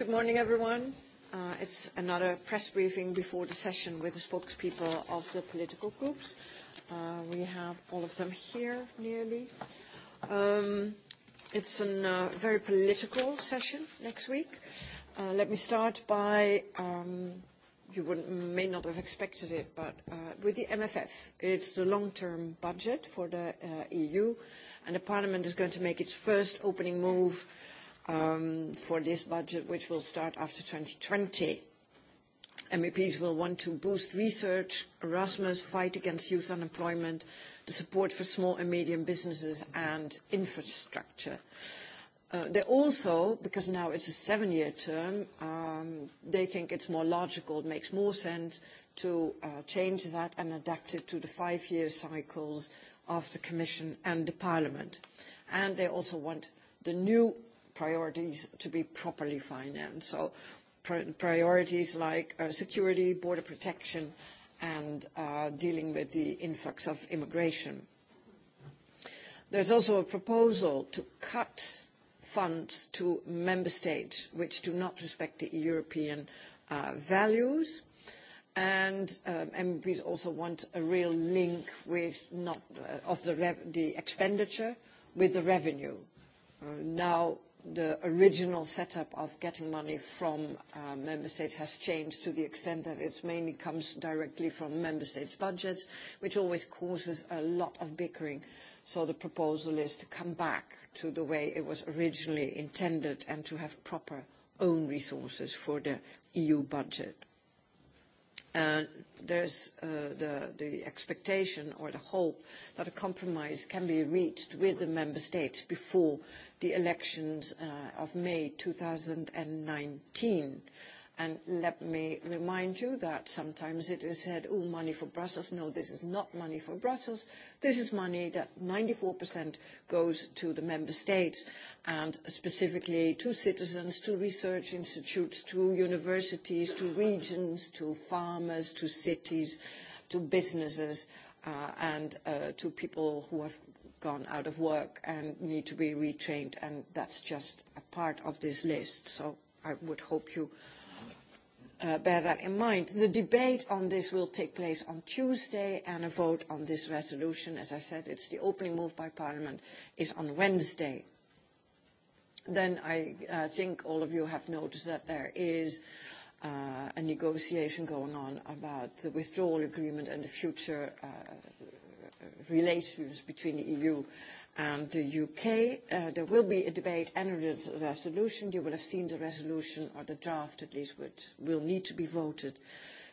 Good morning, everyone. Uh, it's another press briefing before the session with the spokespeople of the political groups. Uh, we have all of them here, nearly. Um, it's a uh, very political session next week. Uh, let me start by, um, you may not have expected it, but uh, with the MFF. It's the long-term budget for the uh, EU, and the Parliament is going to make its first opening move uh, um, for this budget, which will start after 2020. MEPs will want to boost research, Erasmus, fight against youth unemployment, the support for small and medium businesses and infrastructure. Uh, they also, because now it's a seven-year term, um, they think it's more logical, it makes more sense to uh, change that and adapt it to the five-year cycles of the Commission and the Parliament. And they also want the new priorities to be properly financed. So priorities like uh, security, border protection, and uh, dealing with the influx of immigration. There's also a proposal to cut funds to member states which do not respect the European uh, values. And um, also want a real link with not, uh, of the, the expenditure with the revenue. Uh, now, the original setup of getting money from uh, member states has changed to the extent that it mainly comes directly from member states' budgets, which always causes a lot of bickering. So the proposal is to come back to the way it was originally intended and to have proper own resources for the EU budget. Uh, there's uh, the, the expectation or the hope that a compromise can be reached with the member states before the elections uh, of May 2019. And let me remind you that sometimes it is said, oh, money for Brussels. No, this is not money for Brussels. This is money that 94% goes to the member states and specifically to citizens, to research institutes, to universities, to regions, to farmers, to cities, to businesses, uh, and uh, to people who have gone out of work and need to be retrained. And that's just a part of this list. So I would hope you uh, bear that in mind. The debate on this will take place on Tuesday and a vote on this resolution, as I said, it's the opening move by Parliament, is on Wednesday. Then I uh, think all of you have noticed that there is uh, a negotiation going on about the withdrawal agreement and the future uh, relations between the EU and the UK. Uh, there will be a debate and a resolution. You will have seen the resolution, or the draft at least, which will need to be voted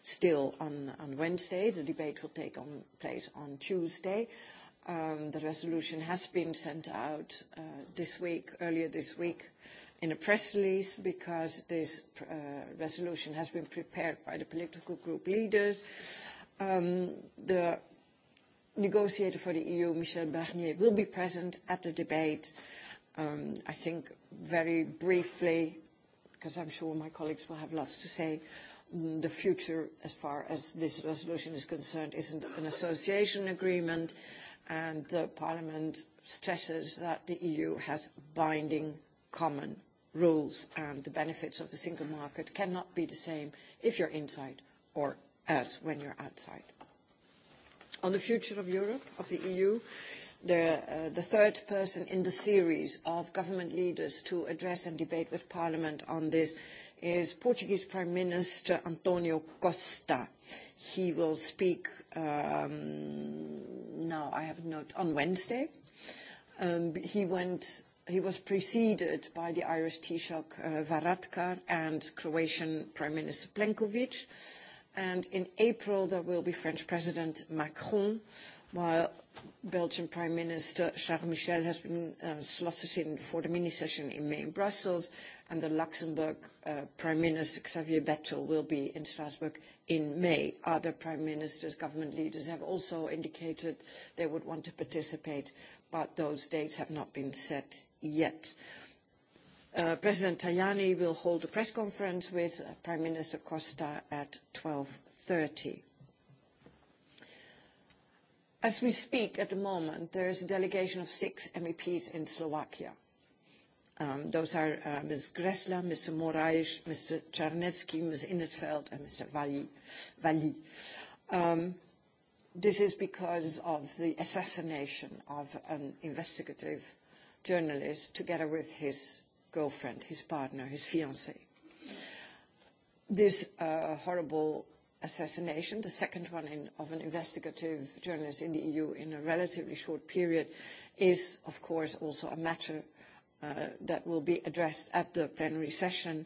still on, on Wednesday. The debate will take on, place on Tuesday. Um, the resolution has been sent out uh, this week, earlier this week, in a press release because this uh, resolution has been prepared by the political group leaders. Um, the negotiator for the EU, Michel Barnier, will be present at the debate. Um, I think very briefly, because I'm sure my colleagues will have lots to say, um, the future, as far as this resolution is concerned, isn't an association agreement, and uh, Parliament stresses that the EU has binding common rules, and the benefits of the single market cannot be the same if you're inside or as when you're outside on the future of Europe, of the EU, the, uh, the third person in the series of government leaders to address and debate with Parliament on this is Portuguese Prime Minister Antonio Costa. He will speak, um, now I have note, on Wednesday. Um, he went he was preceded by the Irish Taoiseach uh, Varadkar and Croatian Prime Minister Plenković. And in April, there will be French President Macron, while Belgian Prime Minister Charles Michel has been uh, slotted in for the mini session in May in Brussels, and the Luxembourg uh, Prime Minister Xavier Bettel will be in Strasbourg in May. Other prime ministers, government leaders have also indicated they would want to participate, but those dates have not been set yet. Uh, Uh, President Tajani will hold a press conference with uh, Prime Minister Costa at 12.30. As we speak at the moment, there is a delegation of six MEPs in Slovakia. Um, those are uh, Ms. Gressler, Mr. Moraes, Mr. Czarnecki, Ms. Innetfeld, and Mr. Valli. Um, this is because of the assassination of an investigative journalist together with his girlfriend, his partner, his fiance. This uh, horrible assassination, the second one in, of an investigative journalist in the EU in a relatively short period, is of course also a matter uh, that will be addressed at the plenary session.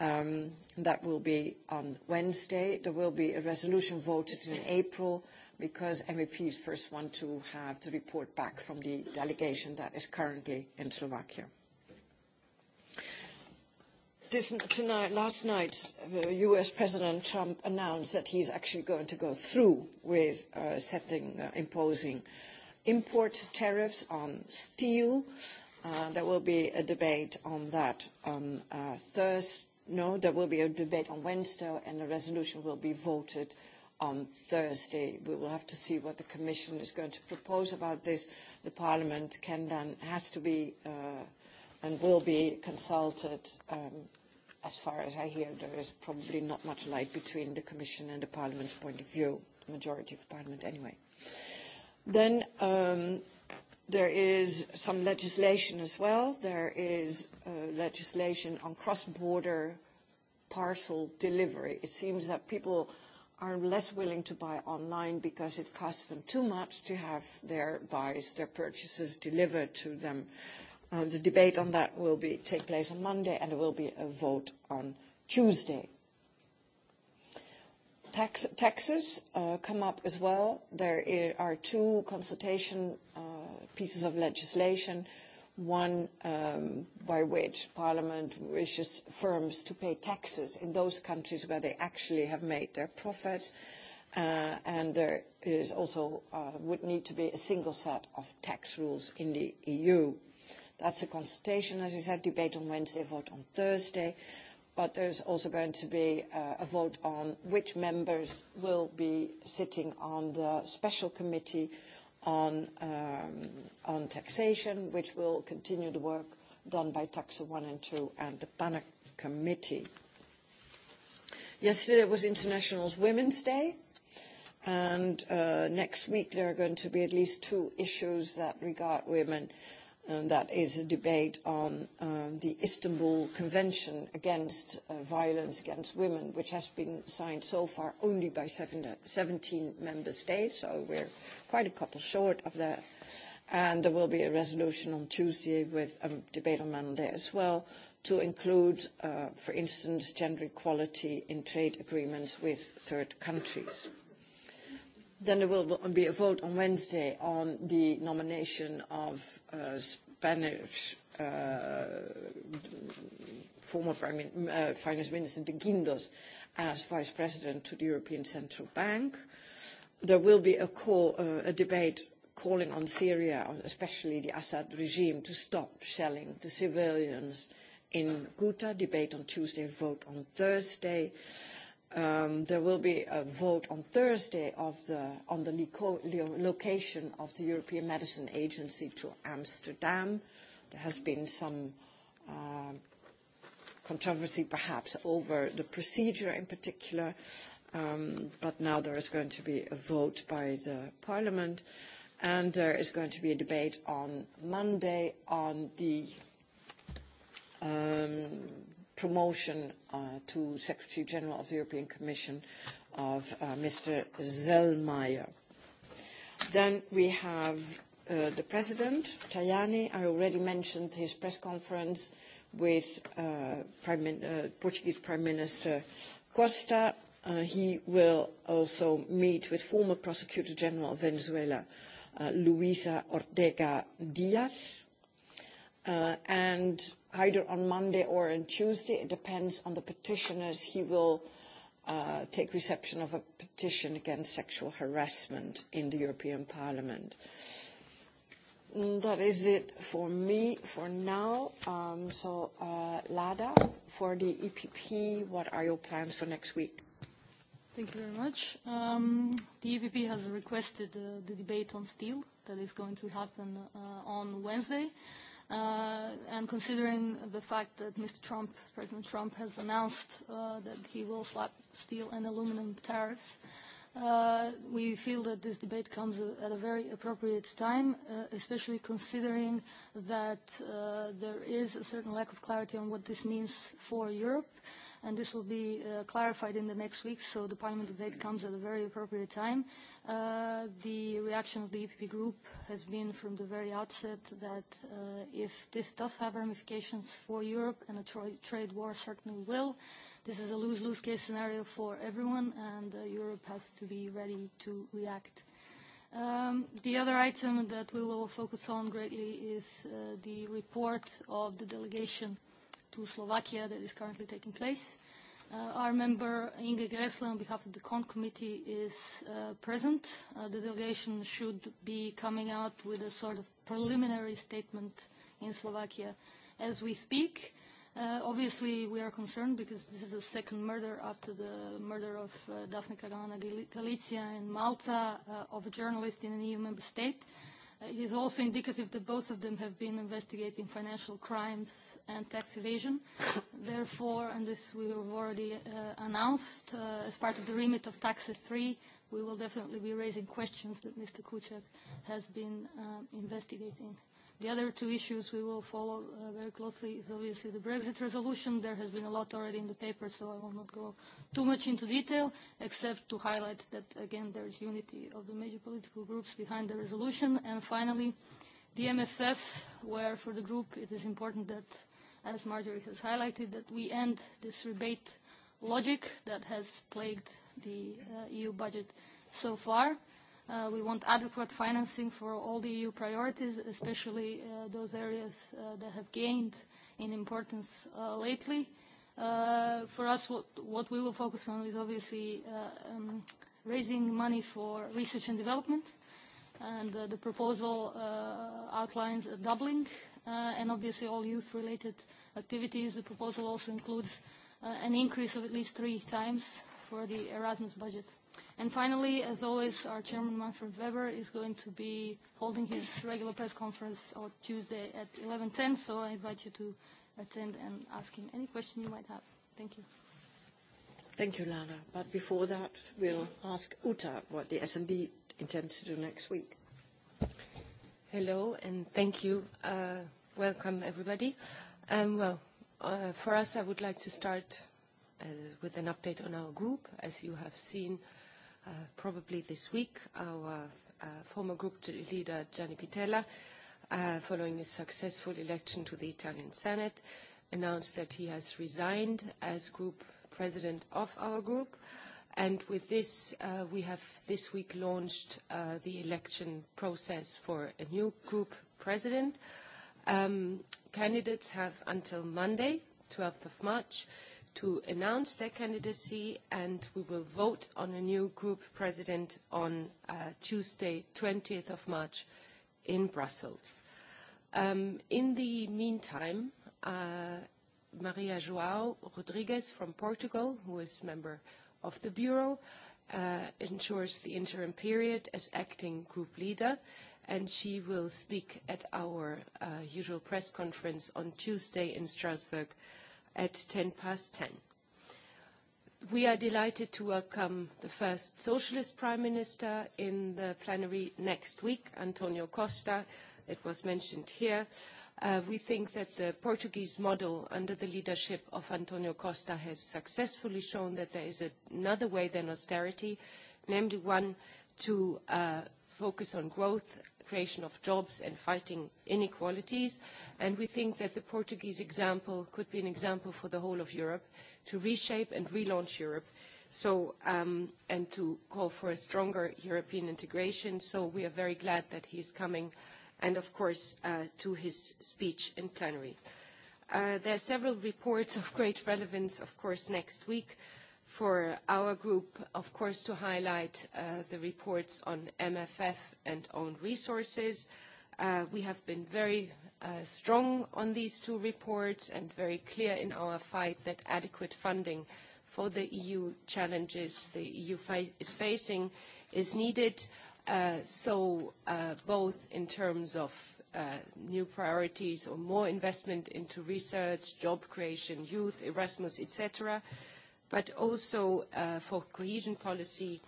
Um, that will be on Wednesday. There will be a resolution voted in April because MEPs first want to have the report back from the delegation that is currently in Slovakia this, tonight, last night, uh, U.S. President Trump announced that he's actually going to go through with uh, setting, uh, imposing import tariffs on steel. Uh, there will be a debate on that on uh, Thursday. No, there will be a debate on Wednesday, and the resolution will be voted on Thursday. We will have to see what the Commission is going to propose about this. The Parliament can then has to be uh, and will be consulted um, as far as I hear, there is probably not much light between the Commission and the Parliament's point of view, the majority of Parliament anyway. Then um, there is some legislation as well. There is uh, legislation on cross-border parcel delivery. It seems that people are less willing to buy online because it costs them too much to have their buys, their purchases delivered to them uh, Uh, the debate on that will be, take place on Monday, and there will be a vote on Tuesday. Tax, taxes uh, come up as well. There are two consultation uh, pieces of legislation, one um, by which Parliament wishes firms to pay taxes in those countries where they actually have made their profits, Uh, and there is also uh, would need to be a single set of tax rules in the EU. That's a consultation. As I said, debate on Wednesday, vote on Thursday. But there's also going to be uh, a vote on which members will be sitting on the special committee on, um, on taxation, which will continue the work done by Taxa 1 and 2 and the PANAC committee. Yesterday was International Women's Day and uh, next week there are going to be at least two issues that regard women. Um, that is a debate on um, the Istanbul Convention against uh, violence against women, which has been signed so far only by seven, 17 uh, member states, so we're quite a couple short of that. And there will be a resolution on Tuesday with a debate on Monday as well to include, uh, for instance, gender equality in trade agreements with third countries. Then there will be a vote on Wednesday on the nomination of uh, Spanish uh, former uh, Finance Minister de Guindos as Vice President to the European Central Bank. There will be a, call, a debate calling on Syria, especially the Assad regime, to stop shelling the civilians in Ghouta. Debate on Tuesday, vote on Thursday. Um, there will be a vote on Thursday the, on the location of the European Medicine Agency to Amsterdam. There has been some uh, controversy perhaps over the procedure in particular, um, but now there is going to be a vote by the Parliament and there is going to be a debate on Monday on the um, promotion uh, to Secretary General of the European Commission of uh, Mr. Zellmeyer. Then we have uh, the President, Tajani. I already mentioned his press conference with uh, Prime Min uh, Portuguese Prime Minister Costa. Uh, he will also meet with former Prosecutor General of Venezuela, uh, Luisa Ortega Diaz Uh, and either on Monday or on Tuesday, it depends on the petitioners, he will uh, take reception of a petition against sexual harassment in the European Parliament. Mm, that is it for me for now. Um, so, uh, Lada, for the EPP, what are your plans for next week? Thank you very much. Um, the EPP has requested uh, the debate on steel that is going to happen uh, on Wednesday. Uh, and considering the fact that Mr. Trump, President Trump, has announced uh, that he will slap steel and aluminum tariffs, uh, we feel that this debate comes at a very appropriate time, uh, especially considering that uh, there is a certain lack of clarity on what this means for Europe and this will be uh, clarified in the next week, so the parliament debate comes at a very appropriate time. Uh, the reaction of the EPP group has been from the very outset that uh, if this does have ramifications for Europe, and a tra trade war certainly will, this is a lose-lose case scenario for everyone, and uh, Europe has to be ready to react. Um, the other item that we will focus on greatly is uh, the report of the delegation uh, to Slovakia that is currently taking place. Uh, our member Inge Gressler on behalf of the CON committee is uh, present. Uh, the delegation should be coming out with a sort of preliminary statement in Slovakia as we speak. Uh, obviously, we are concerned because this is the second murder after the murder of uh, Daphne Caruana Galizia in Malta uh, of a journalist in an EU member state. Uh, It is also indicative that both of them have been investigating financial crimes and tax evasion. Therefore, and this we have already uh, announced, uh, as part of the remit of Taxa 3, we will definitely be raising questions that Mr. Kuchek has been uh, investigating. The other two issues we will follow uh, very closely is obviously the Brexit resolution. There has been a lot already in the paper, so I will not go too much into detail, except to highlight that, again, there is unity of the major political groups behind the resolution. And finally, the MFF, where for the group it is important that, as Marjorie has highlighted, that we end this rebate logic that has plagued the uh, EU budget so far. Uh, we want adequate financing for all the EU priorities, especially uh, those areas uh, that have gained in importance uh, lately. Uh, for us, what, what we will focus on is obviously uh, um, raising money for research and development, and uh, the proposal uh, outlines a doubling, uh, and obviously all youth-related activities. The proposal also includes uh, an increase of at least three times for the Erasmus budget. And finally, as always, our chairman, Manfred Weber, is going to be holding his regular press conference on Tuesday at 11.10, so I invite you to attend and ask him any question you might have. Thank you. Thank you, Lana. But before that, we'll ask Uta what the S&D intends to do next week. Hello, and thank you. Uh, welcome, everybody. Um, well, uh, for us, I would like to start uh, with an update on our group. As you have seen, uh, probably this week, our uh, former group leader Gianni Pitella, uh, following his successful election to the Italian Senate, announced that he has resigned as group president of our group. And with this, uh, we have this week launched uh, the election process for a new group president. Um, candidates have until Monday, 12th of March, uh, to announce their candidacy, and we will vote on a new group president on uh, Tuesday, 20th of March, in Brussels. Um, in the meantime, uh, Maria João Rodrigues from Portugal, who is member of the Bureau, uh, ensures the interim period as acting group leader, and she will speak at our uh, usual press conference on Tuesday in Strasbourg at 10 past 10. We are delighted to welcome the first socialist prime minister in the plenary next week, Antonio Costa. It was mentioned here. Uh, we think that the Portuguese model under the leadership of Antonio Costa has successfully shown that there is a, another way than austerity, namely one to uh, focus on growth creation of jobs and fighting inequalities. And we think that the Portuguese example could be an example for the whole of Europe to reshape and relaunch Europe so, um, and to call for a stronger European integration. So we are very glad that he is coming and, of course, uh, to his speech in plenary. Uh, there are several reports of great relevance, of course, next week. Uh, for our group, of course, to highlight uh, the reports on MFF and own resources. Uh, we have been very uh, strong on these two reports and very clear in our fight that adequate funding for the EU challenges the EU fa is facing is needed. Uh, so uh, both in terms of uh, new priorities or more investment into research, job creation, youth, Erasmus, etc., but also uh, for cohesion policy,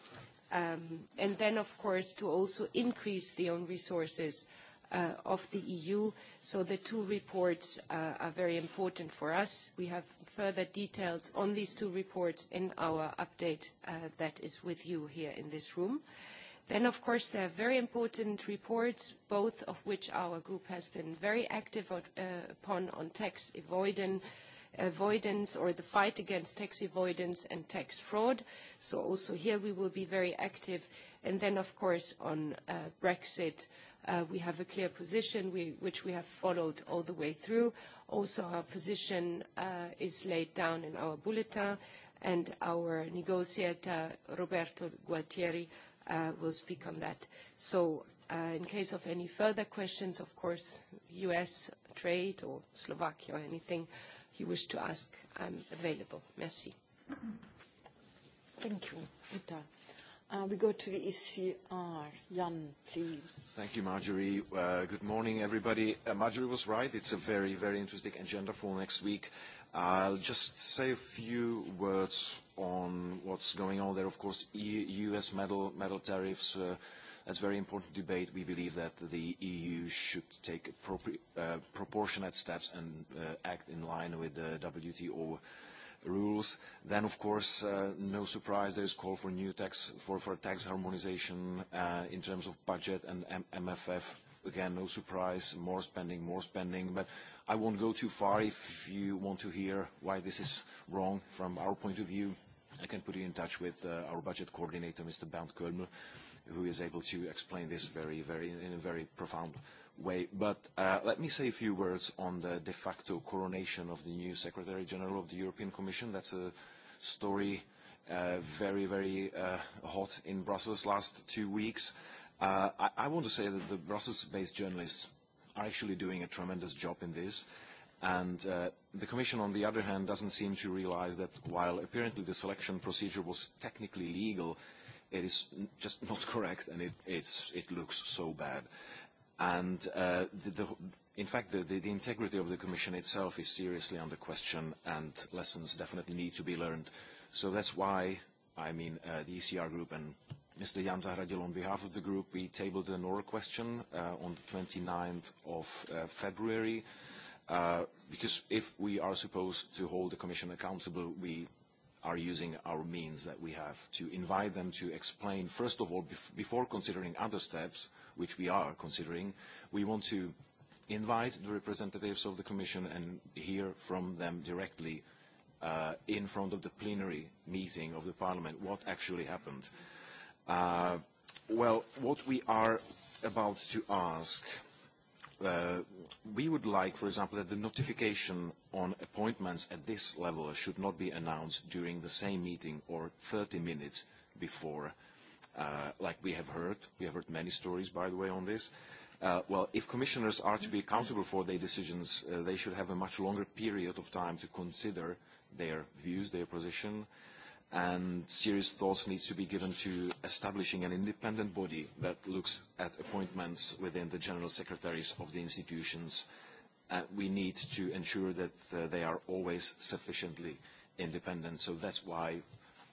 um, and then, of course, to also increase the own resources uh, of the EU. So the two reports uh, are very important for us. We have further details on these two reports in our update uh, that is with you here in this room. Then, of course, there are very important reports, both of which our group has been very active on, uh, upon on tax avoidance, uh, avoidance or the fight against tax avoidance and tax fraud. So also here we will be very active. And then, of course, on uh, Brexit, uh, we have a clear position we, which we have followed all the way through. Also, our position uh, is laid down in our bulletin, and our negotiator, Roberto Gualtieri, uh, will speak on that. So uh, in case of any further questions, of course, U.S. trade or Slovakia or anything, uh, he wished to ask, I'm available. Merci. Thank you, Uta. Uh, we go to the ECR. Jan, please. Thank you, Marjorie. Uh, good morning, everybody. Uh, Marjorie was right. It's a very, very interesting agenda for next week. I'll just say a few words on what's going on there. Of course, e U.S. metal, metal tariffs, uh, That's a very important debate. We believe that the EU should take uh, proportionate steps and uh, act in line with the WTO rules. Then, of course, uh, no surprise, there is call for new tax, for, for tax harmonization uh, in terms of budget and M MFF. Again, no surprise, more spending, more spending. But I won't go too far if you want to hear why this is wrong from our point of view. I can put you in touch with uh, our budget coordinator, Mr. Bernd Kölmel, who is able to explain this very, very, in a very profound way. But uh, let me say a few words on the de facto coronation of the new Secretary General of the European Commission. That's a story uh, very, very uh, hot in Brussels last two weeks. Uh, I, I want to say that the Brussels-based journalists are actually doing a tremendous job in this. And uh, the Commission, on the other hand, doesn't seem to realize that while apparently the selection procedure was technically legal, it is just not correct and it, it's, it looks so bad. And uh, the, the, in fact, the, the, the integrity of the Commission itself is seriously under question and lessons definitely need to be learned. So that's why, I mean, uh, the ECR group and Mr. Jan Zahradil, on behalf of the group, we tabled an oral question uh, on the 29th of uh, February. Uh, because if we are supposed to hold the Commission accountable, we are using our means that we have to invite them to explain, first of all, bef before considering other steps, which we are considering, we want to invite the representatives of the Commission and hear from them directly uh, in front of the plenary meeting of the Parliament what actually happened. Uh, well, what we are about to ask Uh, we would like, for example, that the notification on appointments at this level should not be announced during the same meeting or 30 minutes before, uh, like we have heard. We have heard many stories, by the way, on this. Uh, well, if commissioners are to be accountable for their decisions, uh, they should have a much longer period of time to consider their views, their position, uh, and serious thoughts needs to be given to establishing an independent body that looks at appointments within the general secretaries of the institutions. Uh, we need to ensure that uh, they are always sufficiently independent. So that's why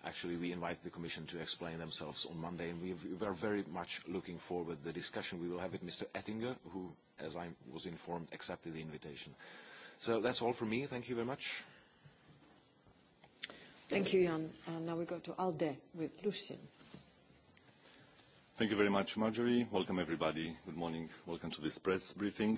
actually we invite the Commission to explain themselves on Monday, and we are very much looking forward to the discussion we will have with Mr. Ettinger, who, as I was informed, accepted the invitation. So that's all from me. Thank you very much. Thank you, Jan. Uh, now we go to Alde with Lucien. Thank you very much, Marjorie. Welcome, everybody. Good morning. Welcome to this press briefing.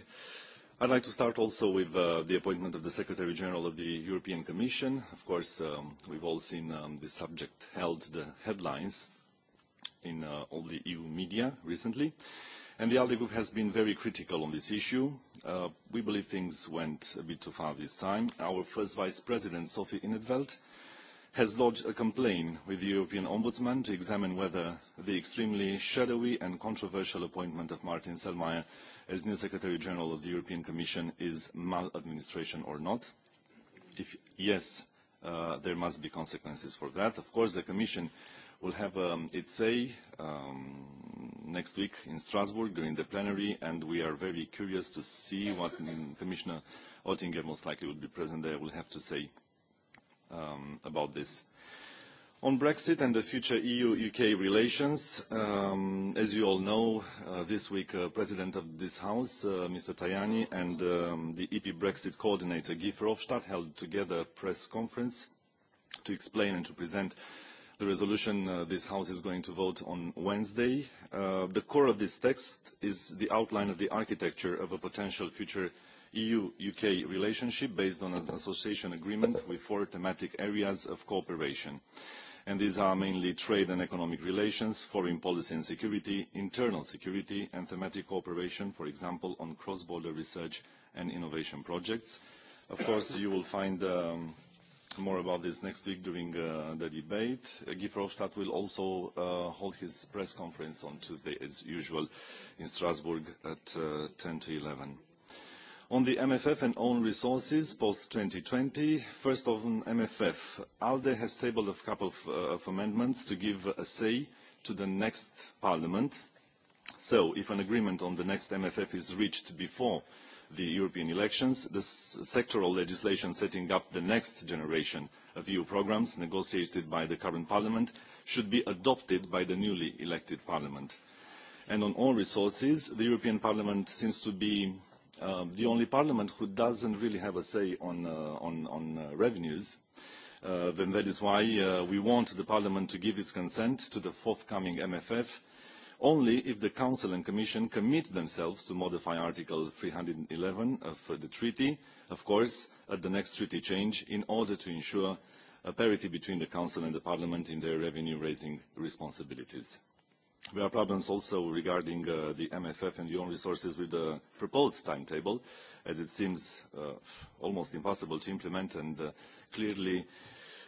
I'd like to start also with uh, the appointment of the Secretary General of the European Commission. Of course, um, we've all seen um, this subject held the headlines in uh, all the EU media recently. And the ALDE group has been very critical on this issue. Uh, we believe things went a bit too far this time. Our first Vice President, Sophie Inetveldt, has lodged a complaint with the European Ombudsman to examine whether the extremely shadowy and controversial appointment of Martin Selmayr as new Secretary General of the European Commission is maladministration or not. If yes, uh, there must be consequences for that. Of course, the Commission will have um, its say um, next week in Strasbourg during the plenary, and we are very curious to see what mm, Commissioner Oettinger most likely will be present there will have to say um, about this. On Brexit and the future EU-UK relations, um, as you all know, uh, this week uh, President of this House, uh, Mr. Tajani, and um, the EP Brexit coordinator, Guy Verhofstadt, held together a press conference to explain and to present the resolution uh, this House is going to vote on Wednesday. Uh, the core of this text is the outline of the architecture of a potential future uh, EU-UK relationship based on an association agreement with four thematic areas of cooperation. And these are mainly trade and economic relations, foreign policy and security, internal security, and thematic cooperation, for example, on cross-border research and innovation projects. Of course, you will find um, more about this next week during uh, the debate. Uh, Guy Verhofstadt will also uh, hold his press conference on Tuesday, as usual, in Strasbourg at uh, 10 to 11. On the MFF and own resources post-2020, first of on MFF, ALDE has tabled a couple of, uh, of amendments to give a say to the next parliament. So if an agreement on the next MFF is reached before the European elections, the sectoral legislation setting up the next generation of EU programmes negotiated by the current Parliament should be adopted by the newly elected Parliament. And on own resources, the European Parliament seems to be Um, the only parliament who doesn't really have a say on, uh, on, on uh, revenues. Uh, then that is why uh, we want the parliament to give its consent to the forthcoming MFF only if the Council and Commission commit themselves to modify Article 311 of the Treaty, of course, at the next treaty change, in order to ensure a parity between the Council and the Parliament in their revenue-raising responsibilities. There are problems also regarding uh, the MFF and the own resources with the proposed timetable, as it seems uh, almost impossible to implement and uh, clearly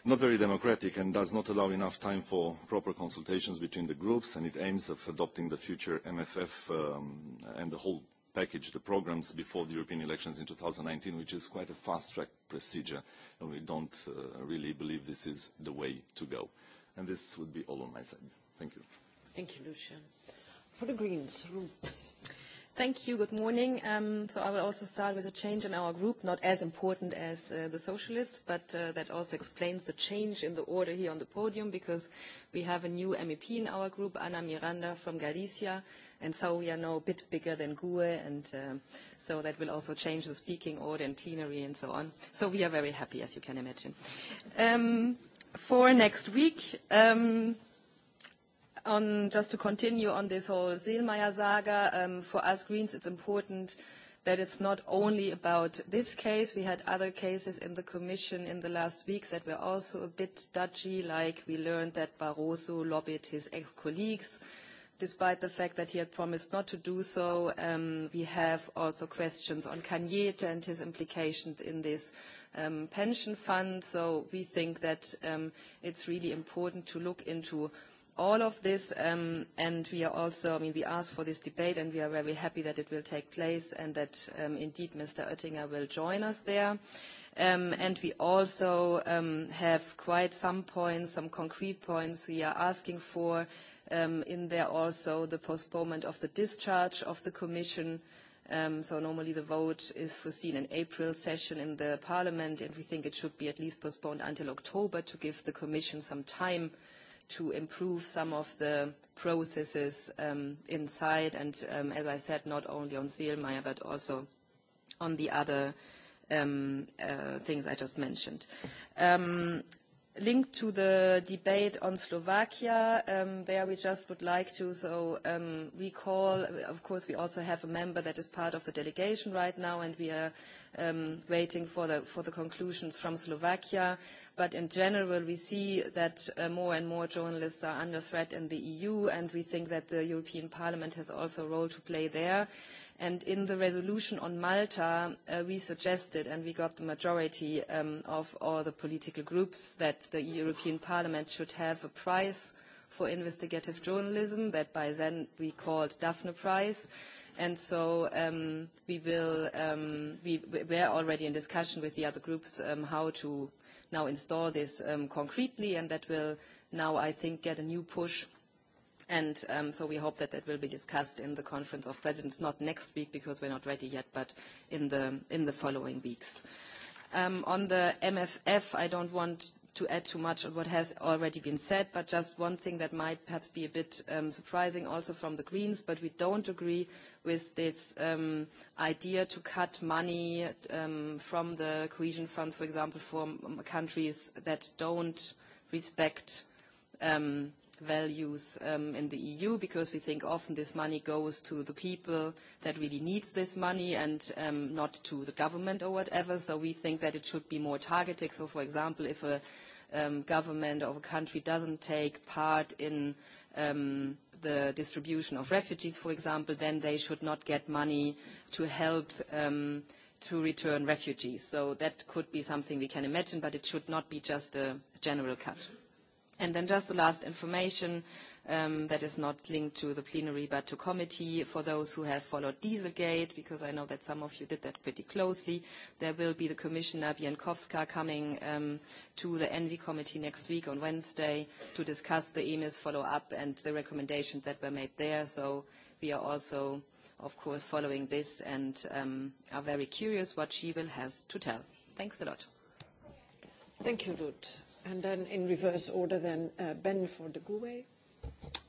not very democratic and does not allow enough time for proper consultations between the groups, and it aims of adopting the future MFF um, and the whole package, the programs before the European elections in 2019, which is quite a fast-track procedure, and we don't uh, really believe this is the way to go. And this would be all on my side. Thank you. Thank you, Lucia. For the Greens, Roots. Thank you. Good morning. Um, so I will also start with a change in our group, not as important as uh, the socialists, but uh, that also explains the change in the order here on the podium because we have a new MEP in our group, Ana Miranda from Galicia, and so we are now a bit bigger than GUE, and uh, so that will also change the speaking order and plenary and so on. So we are very happy, as you can imagine. Um, for next week, um, on, just to continue on this whole Selmayr saga, um, for us Greens, it's important that it's not only about this case. We had other cases in the Commission in the last weeks that were also a bit dodgy, like we learned that Barroso lobbied his ex-colleagues, despite the fact that he had promised not to do so. Um, we have also questions on Cañete and his implications in this um, pension fund. So we think that it's really important to look into all of this, um, and we are also, I mean, we asked for this debate, and we are very happy that it will take place, and that um, indeed Mr. Oettinger will join us there. Um, and we also um, have quite some points, some concrete points we are asking for. Um, in there also the postponement of the discharge of the Commission. Um, so normally the vote is foreseen in April session in the Parliament, and we think it should be at least postponed until October to give the Commission some time uh, to improve some of the processes um, inside and, um, as I said, not only on Seelmeier, but also on the other um, uh, things I just mentioned. Um, linked to the debate on Slovakia, um, there we just would like to so um, recall, of course, we also have a member that is part of the delegation right now, and we are um, waiting for the, for the conclusions from Slovakia. But in general, we see that uh, more and more journalists are under threat in the EU, and we think that the European Parliament has also a role to play there. And in the resolution on Malta, uh, we suggested, and we got the majority um, of all the political groups, that the European Parliament should have a prize for investigative journalism that by then we called Daphne Prize. And so um, we will, um, we, we're already in discussion with the other groups um, how to now install this um, concretely, and that will now, I think, get a new push And um, so we hope that that will be discussed in the Conference of Presidents, not next week because we're not ready yet, but in the, in the following weeks. Um, on the MFF, I don't want to add too much on what has already been said, but just one thing that might perhaps be a bit um, surprising also from the Greens, but we don't agree with this um, idea to cut money um, from the cohesion funds, for example, for countries that don't respect um, values um, in the EU because we think often this money goes to the people that really needs this money and um, not to the government or whatever. So we think that it should be more targeted. So for example, if a um, government of a country doesn't take part in um, the distribution of refugees, for example, then they should not get money to help um, to return refugees. So that could be something we can imagine, but it should not be just a general cut. And then just the last information um, that is not linked to the plenary but to committee. For those who have followed Dieselgate, because I know that some of you did that pretty closely, there will be the Commissioner Bienkowska coming um, to the Envy committee next week on Wednesday to discuss the EMIS follow-up and the recommendations that were made there. So we are also, of course, following this and um, are very curious what she will has to tell. Thanks a lot. Thank you, Ruth and then in reverse order then uh, Ben for the GUE.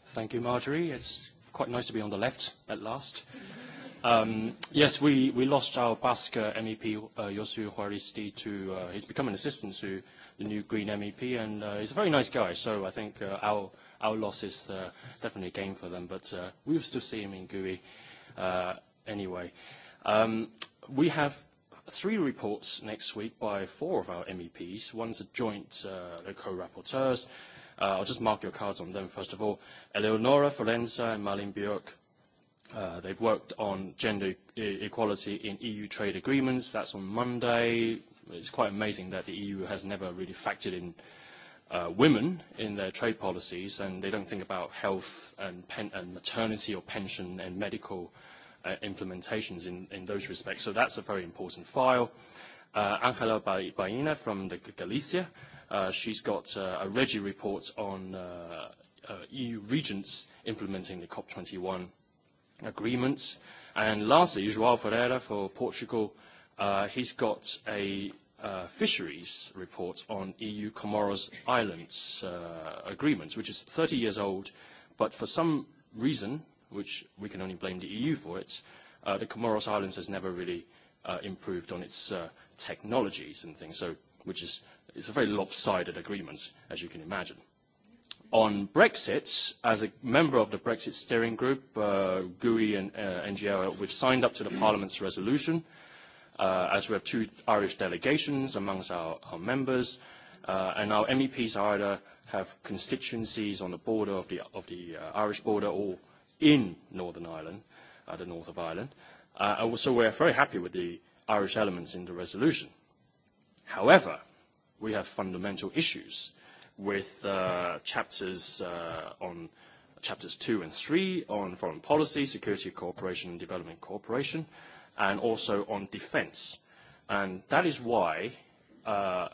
Thank you, Marjorie. It's quite nice to be on the left at last. Um, yes, we, we lost our Basque uh, MEP, uh, Yosu Huaristi, to, uh, he's become an assistant to the new Green MEP, and uh, he's a very nice guy, so I think uh, our, our loss is uh, definitely a gain for them, but uh, we'll still see him in GUI uh, anyway. Um, we have three reports next week by four of our MEPs. One's a joint uh, co-rapporteurs. Uh, I'll just mark your cards on them first of all. Eleonora Forenza and Marlene Björk. Uh, they've worked on gender e- equality in EU trade agreements. That's on Monday. It's quite amazing that the EU has never really factored in uh, women in their trade policies, and they don't think about health and, pen- and maternity or pension and medical uh, uh, implementations in, in those respects. So that's a very important file. Uh, Angela Baina from the Galicia, uh, she's got uh, a Reggie report on uh, uh, EU regents implementing the COP21 agreements. And lastly, João Ferreira for Portugal, uh, he's got a uh, fisheries report on EU Comoros Islands uh, agreements, which is 30 years old, but for some reason, which we can only blame the EU for it, uh, the Comoros Islands has never really uh, improved on its uh, technologies and things, so, which is it's a very lopsided agreement, as you can imagine. On Brexit, as a member of the Brexit steering group, uh, GUI and uh, NGO, we've signed up to the Parliament's resolution, uh, as we have two Irish delegations amongst our, our members, uh, and our MEPs either have constituencies on the border of the, of the uh, Irish border or in Northern Ireland, uh, the north of Ireland. Uh, so we're very happy with the Irish elements in the resolution. However, we have fundamental issues with uh, chapters uh, on chapters two and three on foreign policy, security cooperation and development cooperation, and also on defense. And that is why uh,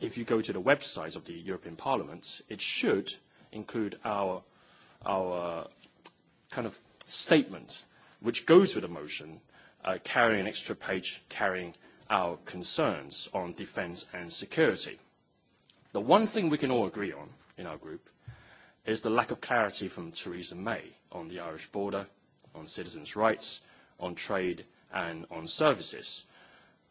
if you go to the website of the European Parliament, it should include our, our kind of statement which goes with a motion, uh, carrying an extra page carrying our concerns on defense and security. The one thing we can all agree on in our group is the lack of clarity from Theresa May on the Irish border, on citizens' rights, on trade and on services.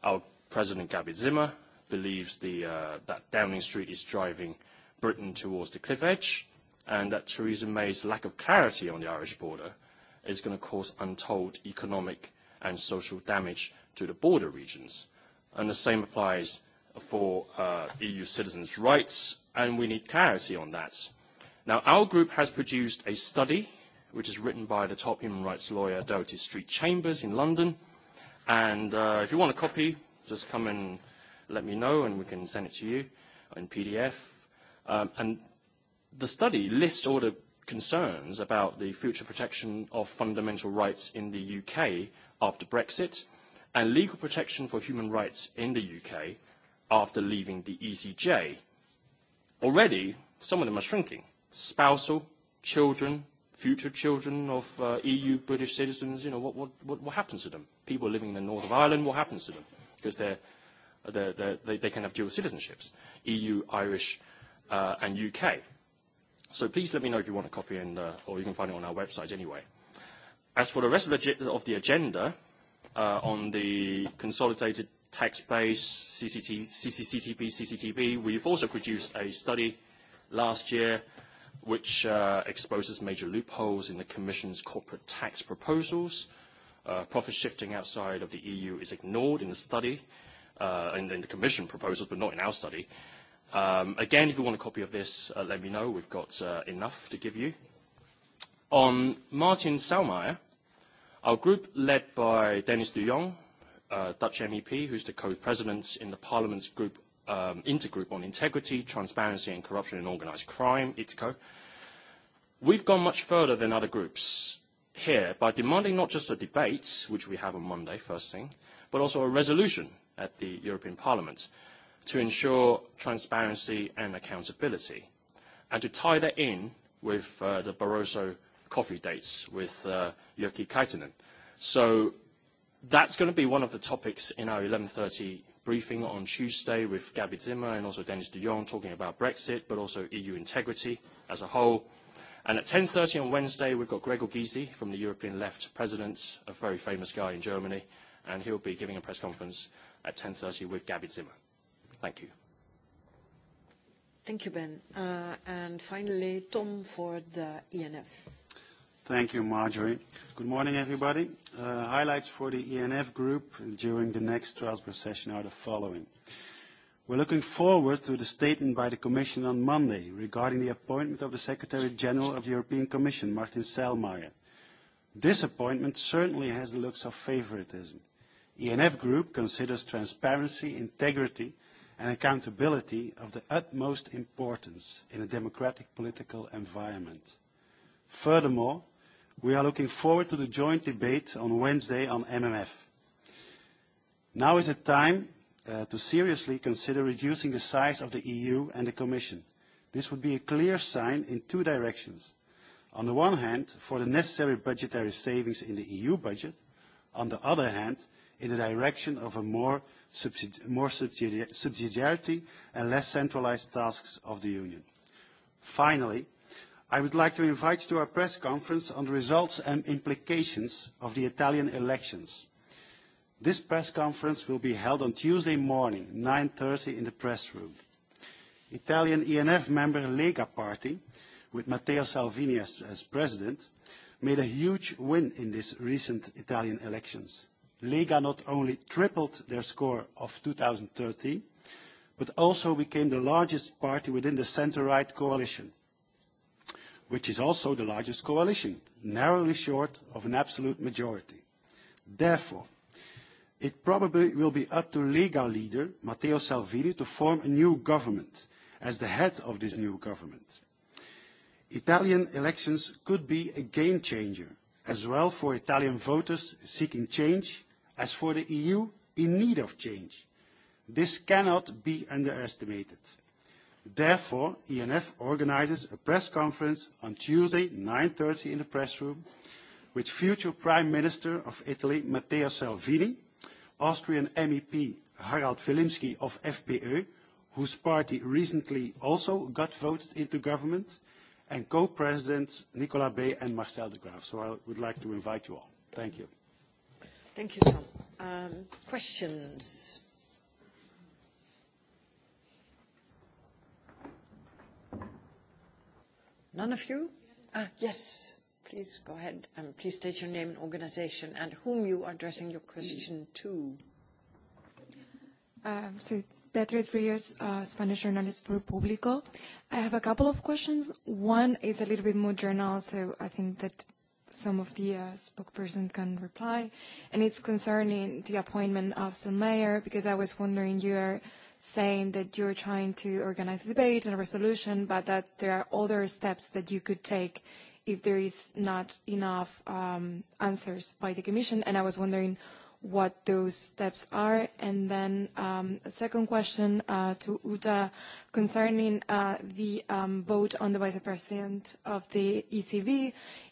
Our President Gabby Zimmer believes the, uh, that Downing Street is driving Britain towards the cliff edge, and that Theresa May's lack of clarity on the Irish border is going to cause untold economic and social damage to the border regions. And the same applies for uh, EU citizens' rights, and we need clarity on that. Now, our group has produced a study which is written by the top human rights lawyer Doherty Street Chambers in London. And uh, if you want a copy, just come and let me know, and we can send it to you in PDF. Um, and the study lists all the concerns about the future protection of fundamental rights in the UK after Brexit and legal protection for human rights in the UK after leaving the ECJ. Already, some of them are shrinking. Spousal, children, future children of uh, EU British citizens, you know, what, what, what, what happens to them? People living in the north of Ireland, what happens to them? Because they're, they're, they're, they, they can have dual citizenships, EU, Irish, uh, and UK. So please let me know if you want a copy, and uh, or you can find it on our website anyway. As for the rest of the, of the agenda, uh, on the consolidated tax base, CCT, CCCTB, CCTB, we've also produced a study last year which uh, exposes major loopholes in the Commission's corporate tax proposals. Uh, profit shifting outside of the EU is ignored in the study, uh, in, in the Commission proposals, but not in our study. Uh, Um, again, if you want a copy of this, uh, let me know. We've got uh, enough to give you. On Martin Selmayr, our group led by Dennis de Jong, uh, Dutch MEP, who's the co-president in the Parliament's group, um, intergroup on integrity, transparency and corruption in organised crime, ITCO. We've gone much further than other groups here by demanding not just a debate, which we have on Monday, first thing, but also a resolution at the European Parliament to ensure transparency and accountability, and to tie that in with uh, the Barroso coffee dates with uh, Kaitanen. So that's going to be one of the topics in our 11.30 briefing on Tuesday with Gabby Zimmer and also Dennis de Jong talking about Brexit, but also EU integrity as a whole. And at 10.30 on Wednesday, we've got Gregor Gysi from the European Left President, a very famous guy in Germany, and he'll be giving a press conference at 10.30 with Gabby Zimmer. Thank you. Thank you, Ben. Uh, and finally, Tom for the E&F. Thank you, Marjorie. Good morning, everybody. Uh, highlights for the E&F group during the next Strasbourg session are the following. We're looking forward to the statement by the Commission on Monday regarding the appointment of the Secretary General of the European Commission, Martin Selmayr. This appointment certainly has the looks of favoritism. E&F Group considers transparency, integrity, and accountability of the utmost importance in a democratic political environment. Furthermore, we are looking forward to the joint debate on Wednesday on MMF. Now is the time uh, to seriously consider reducing the size of the EU and the Commission. This would be a clear sign in two directions. On the one hand, for the necessary budgetary savings in the EU budget. On the other hand, in the direction of a more subsidi more subsidi subsidiarity and less centralized tasks of the Union. Finally, I would like to invite you to our press conference on the results and implications of the Italian elections. This press conference will be held on Tuesday morning, 9.30 in the press room. Italian ENF member Lega Party, with Matteo Salvini as, as president, made a huge win in these recent Italian elections. Lega not only tripled their score of 2013, but also became the largest party within the centre-right coalition, which is also the largest coalition, narrowly short of an absolute majority. Therefore, it probably will be up to Lega leader Matteo Salvini to form a new government as the head of this new government. Italian elections could be a game changer, as well for Italian voters seeking change as for the EU, in need of change. This cannot be underestimated. Therefore, ENF organises a press conference on Tuesday, 9.30 in the press room, with future Prime Minister of Italy, Matteo Salvini, Austrian MEP Harald Wilimski of FPÖ, e, whose party recently also got voted into government, and co-presidents Nicola Bay and Marcel de Graaf. So I would like to invite you all. Thank you. Thank you, Tom. Um, questions? None of you? Ah, yes, please go ahead and please state your name and organization and whom you are addressing your question to. Um, so Beatriz Rios, uh, Spanish journalist for Público. I have a couple of questions. One is a little bit more general, so I think that some of the uh, spokesperson can reply. And it's concerning the appointment of the mayor, because I was wondering, you are saying that you're trying to organize a debate and a resolution, but that there are other steps that you could take if there is not enough um, answers by the Commission. And I was wondering what those steps are. And then um, a second question uh, to Uta concerning uh, the um, vote on the Vice President of the ECB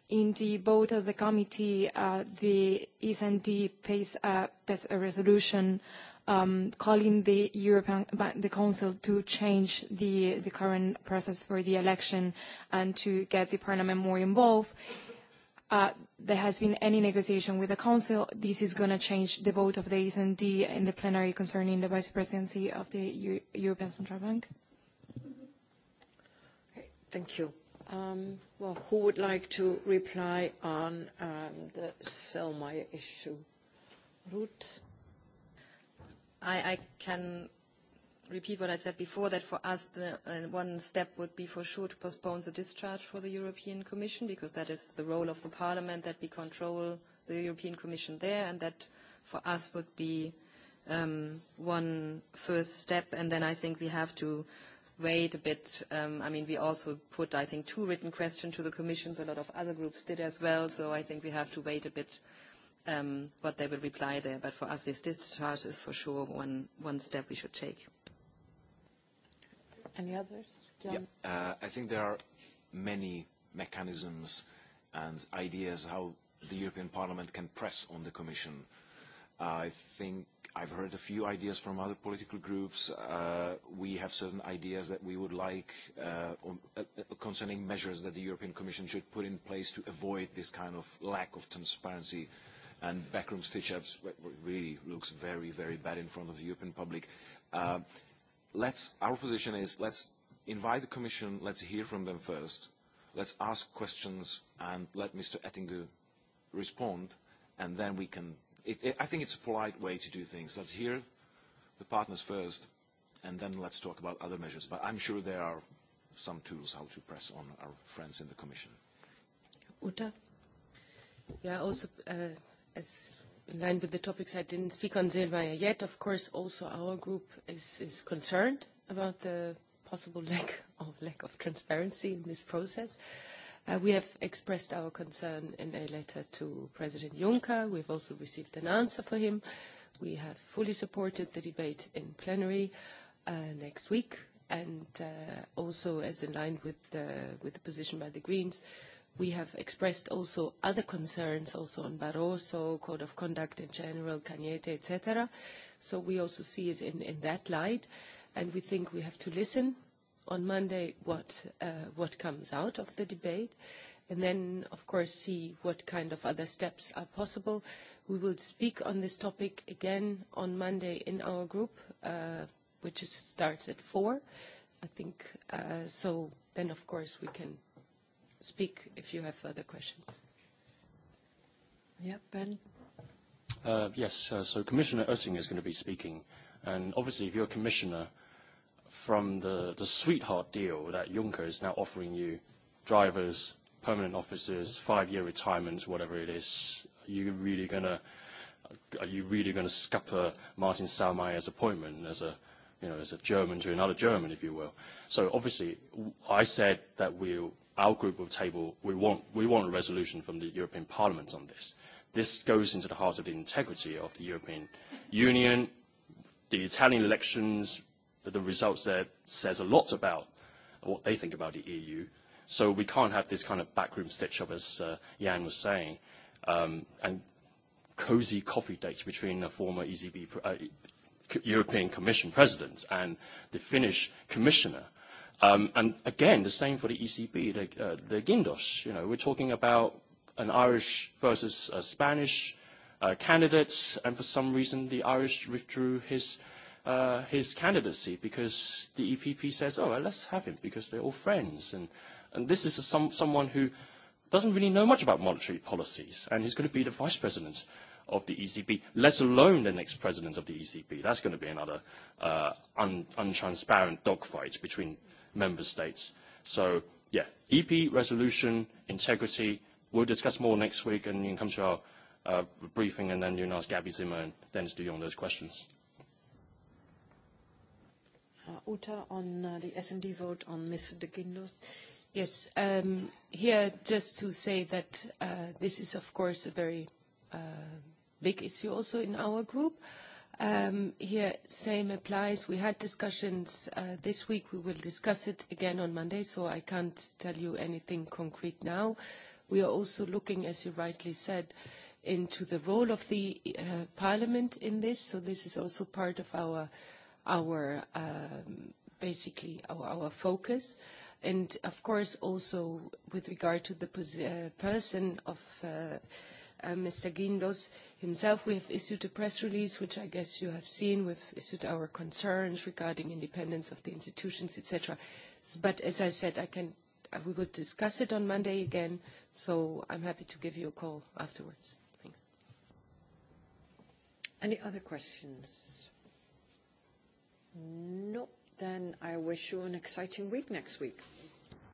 in the vote of the committee, uh, the e S&D pays, uh, pays a resolution um, calling the European the Council to change the, the current process for the election and to get the Parliament more involved. Uh, there has been any negotiation with the Council. This is going to change the vote of the e S&D in the plenary concerning the Vice Presidency of the European Central Bank. Okay, thank you. Um, well, who would like to reply on um, the Selmayr issue? Ruth? I, I can repeat what I said before, that for us the, uh, one step would be for sure to postpone the discharge for the European Commission, because that is the role of the Parliament, that we control the European Commission there, and that for us would be um, one first step. And then I think we have to wait a bit. Um, I mean, we also put, I think, two written questions to the commissions. A lot of other groups did as well. So I think we have to wait a bit um, what they will reply there. But for us, this discharge is for sure one, one step we should take. Any others? John? Yeah, uh, I think there are many mechanisms and ideas how the European Parliament can press on the Commission. Uh, I think I've heard a few ideas from other political groups. Uh, we have certain ideas that we would like uh, uh, uh, concerning measures that the European Commission should put in place to avoid this kind of lack of transparency and backroom stitch-ups. really looks very, very bad in front of the European public. Uh, let's, our position is let's invite the Commission, let's hear from them first, let's ask questions and let Mr. Ettinger respond, and then we can it, it, I think it's a polite way to do things. Let's hear the partners first, and then let's talk about other measures. But I'm sure there are some tools how to press on our friends in the Commission. Uta? Yeah, also, uh, as in line with the topics I didn't speak on Zilmaya yet, of course, also our group is, is concerned about the possible lack of, lack of transparency in this process. Uh, Uh, we have expressed our concern in a letter to President Juncker. We've also received an answer for him. We have fully supported the debate in plenary uh, next week, and uh, also as in line with the, with the position by the Greens, we have expressed also other concerns also on Barroso, Code of Conduct in general, Cañete, etc. So we also see it in, in that light, and we think we have to listen on Monday what, uh, what comes out of the debate and then, of course, see what kind of other steps are possible. We will speak on this topic again on Monday in our group, uh, which is, starts at 4, I think. Uh, so then, of course, we can speak if you have further questions. Yeah, Ben? Uh, yes, uh, so Commissioner Oetting is going to be speaking. And obviously, if you're a commissioner, from the, the sweetheart deal that Juncker is now offering you, drivers, permanent officers, five-year retirements, whatever it is, are you really gonna are you really gonna scupper Martin Salmeier's appointment as a you know as a German to another German, if you will? So obviously, I said that we our group will table we want we want a resolution from the European Parliament on this. This goes into the heart of the integrity of the European Union, the Italian elections, that the results there says a lot about what they think about the EU. So we can't have this kind of backroom stitch-up, as uh, Jan was saying, um, and cozy coffee dates between a former ECB, uh, European Commission president and the Finnish commissioner. Um, and again, the same for the ECB, the, uh, the Guindos. You know, we're talking about an Irish versus a Spanish uh, candidate, and for some reason, the Irish withdrew his Uh, his candidacy because the EPP says, oh, well, let's have him because they're all friends. And, and this is a, some, someone who doesn't really know much about monetary policies, and he's going to be the vice president of the ECB, let alone the next president of the ECB. That's going to be another uh, un- untransparent dogfight between member states. So, yeah, EP, resolution, integrity. We'll discuss more next week, and you can come to our uh, briefing, and then you can ask Gabby Zimmer and Dennis de those questions. Uh, Uta, on uh, the S&D vote on Mr. De Guindos. Yes, um, here just to say that uh, this is of course a very uh, big issue also in our group. Um, here, same applies. We had discussions uh, this week. We will discuss it again on Monday, so I can't tell you anything concrete now. We are also looking, as you rightly said, into the role of the uh, parliament in this. So this is also part of our uh, our um, basically our, focus. And of course, also with regard to the uh, person of uh, uh, Mr. Guindos himself, we have issued a press release, which I guess you have seen. We've issued our concerns regarding independence of the institutions, etc. But as I said, I can, we will discuss it on Monday again, so I'm happy to give you a call afterwards. Thanks. Any other questions? No, then I wish you an exciting week next week.